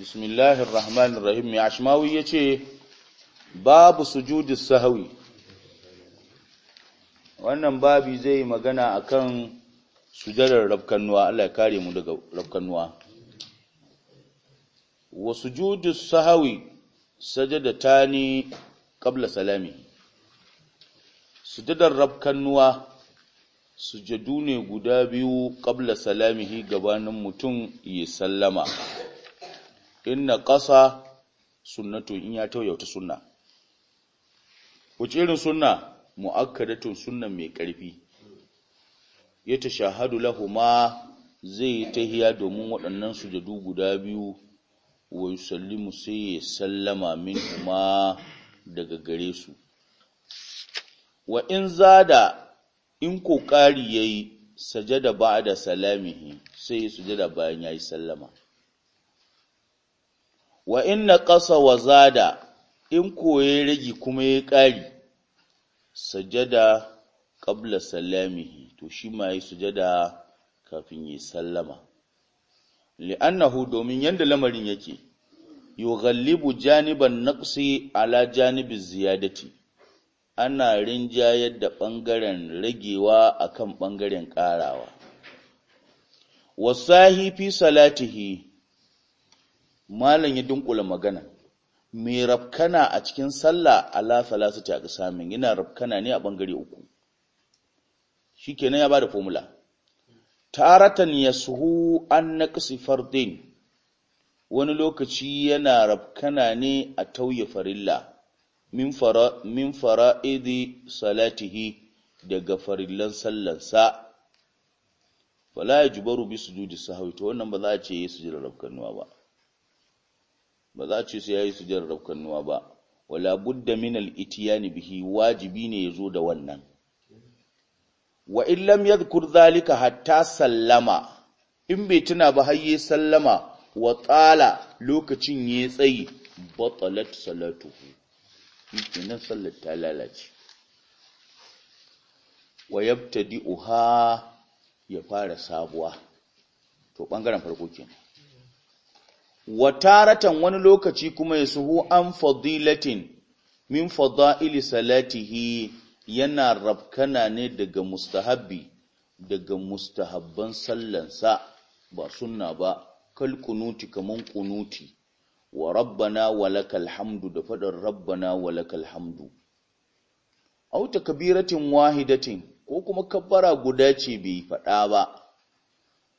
bismillahir rahmanir rahim mai ashmawi yace babu sujudi sahwi wannan babi zai magana akan sujudar rabkanuwa Allah ya kare mu daga rabkanuwa wa sujudu sahawi sajadatani qabla salami sujudar rabkanuwa sujudu ne guda biyu qabla salamihi gabanin mutum ya sallama inna ƙasa sunnatu in ya tauye wata sunna wace irin sunna mu'akkadatun sunnan mai ƙarfi ya tashahadu lahuma zai tahiya domin waɗannan sujadu guda biyu wa sallimu sai ya sallama kuma daga gare su wa in zada in kokari yayi sajada da salamihi sai sujada bayan yi sallama wa inna ƙasa wa zada in koye rage kuma ya ƙari sajada ƙabla salamihi to shi ma yi sujada kafin ya sallama li'annahu domin yadda lamarin yake yughallibu janiban naqsi ala janibi ziyadati ana rinjayar da ɓangaren ragewa akan ɓangaren ƙarawa wasahi fi salatihi malam ya dunkula magana mai rafkana a cikin sallah su ta samun yana rafkana ne a bangare uku shi shikenan ya ba da fomula. taratan ya suhu an naqsi fardin wani lokaci yana rafkana ne a tauye farilla min fara min salatihi daga farillan sallansa fala yajbaru bi sujudi sahwi to wannan ba za a ce yi da rafkanuwa ba ba za ce sai ya yi sujjar nuwa ba wala budda min itiyani bihi wajibi ne ya zo da wannan wa illam ya zukur zalika hatta sallama in bai tuna ba ya sallama wa tsala lokacin ya tsayi batalat salatuhu nan sallar ta lalace wa yabtadi'uha ya fara sabuwa to bangaren farko kenan wa taratan wani lokaci kuma ya an fadilatin min fada'ili salatihi yana rabkana ne daga mustahabbi daga mustahabban sallansa ba sunna ba kal kunuti kaman kunuti wa rabbana walakal hamdu da fadar rabbana walakal hamdu aw takbiratin wahidatin ko kuma kabbara guda ce bai fada ba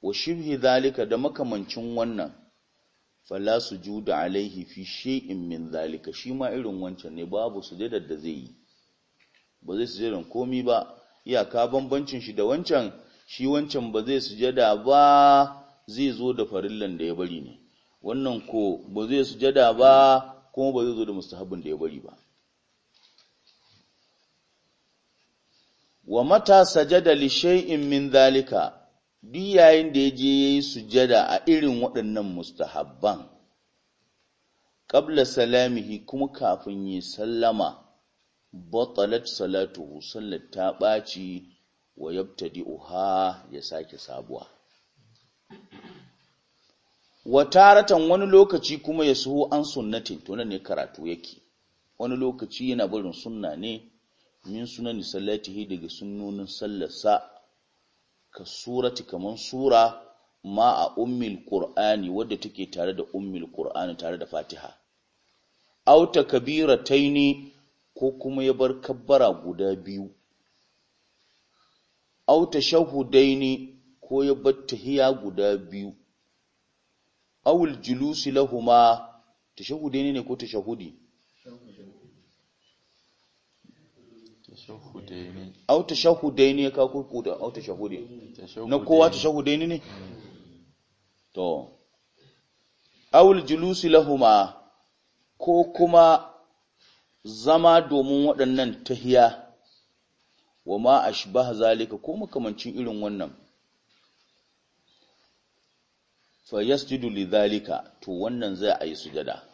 wa shibhi zalika da makamancin wannan fala juda alaihi fi shay'in min zalika shi ma irin wancan ne babu sujudar da zai yi ba zai sujada komi ba iyaka bambancin shi da wancan shi wancan ba zai sujada ba zai zo da farillan da ya bari ne wannan ko ba zai sujada ba kuma ba zai zo da mustahabin da ya bari ba wa mata sajada li shay'in min zalika duk yayin da ya je ya yi sujada a irin waɗannan mustahabban ƙabla salamihi kuma kafin yi sallama batalat salatu sallar ta ɓaci wa yabtadi uha ya sake sabuwa wataratan wani lokaci kuma ya suhu an sunnatin to ne karatu yake wani lokaci yana barin sunna ne min sunan salatihi daga sunnonin sallarsa ka surati kaman sura ma a ummil qur'ani wadda take tare da ummil qur'ani tare da fatiha Auta kabira taini ko kuma ya bar kabbara guda biyu dai ne ko ya bar tahiya guda biyu awul julusi lahuma tashahudaini ne ko tashahudi au tashahudaini ka auta au tashahudi na kowa tashahudaini ne to awul julusi lahuma ko kuma zama domin waɗannan tahiya wa ma ashbah zalika ko makamancin irin wannan fa yasjudu lidhalika to wannan zai ayi sujada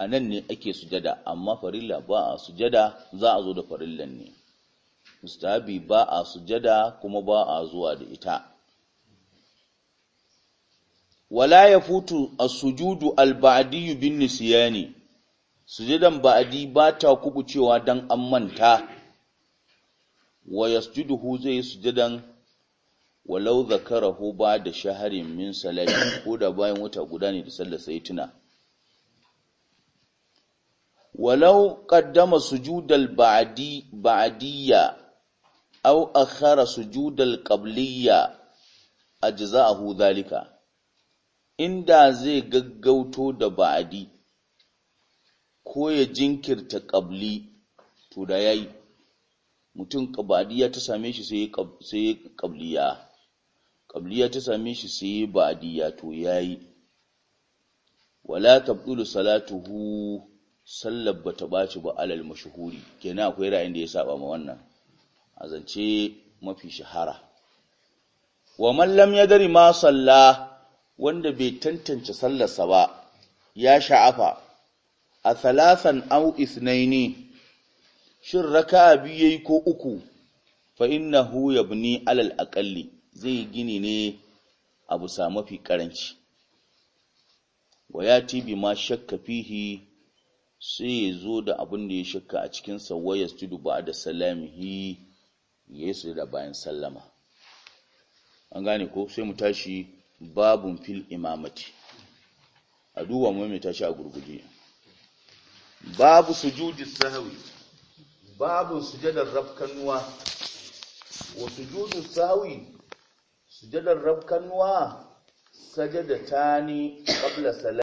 a nan ne ake sujada amma farilla ba a sujada za a zo da farillan ne mustahabi ba a sujada kuma ba a zuwa da ita wala ya futu as-sujudu al-ba'di bin nisyani sujudan ba'di ba ta kubucewa dan an manta wa yasjuduhu zai sujudan walau zakarahu ba da shaharin min salati ko da bayan wata guda ne da sallar sai tuna walau qaddama sujudal ba'di ba'diyya au akhara sujudal qabliyya ajza'ahu dhalika inda zai gaggauto da Ba'adi ko ya jinkirta qabli to da yayi mutum qabadiya ta same shi sai sai qabliya qabliya ta same shi sai ba'diya to yayi wala tabdulu salatuhu sallar ba ta ɓaci ba alal mashuhuri na akwai ra'ayin da ya saba ma wannan a zance mafi shahara wa mallam ya dari ma salla wanda bai tantance sallarsa ba ya sha'afa a thalathan aw ithnaini shin raka'a biyu yayi ko uku fa innahu yabni alal aqalli zai gini ne abu sa mafi karanci wa yati bima shakka fihi sai ya zo da abin da ya shakka a cikin sawaya tudu ba da salamihi ya yi da bayan sallama an gane ko sai mu tashi babun fil imamati a duba mu mai tashi a gurguje babu sujudi sahwi babu sujadar rafkanuwa wa sujudu sahwi sujadar rafkanuwa sajada tani qabla salam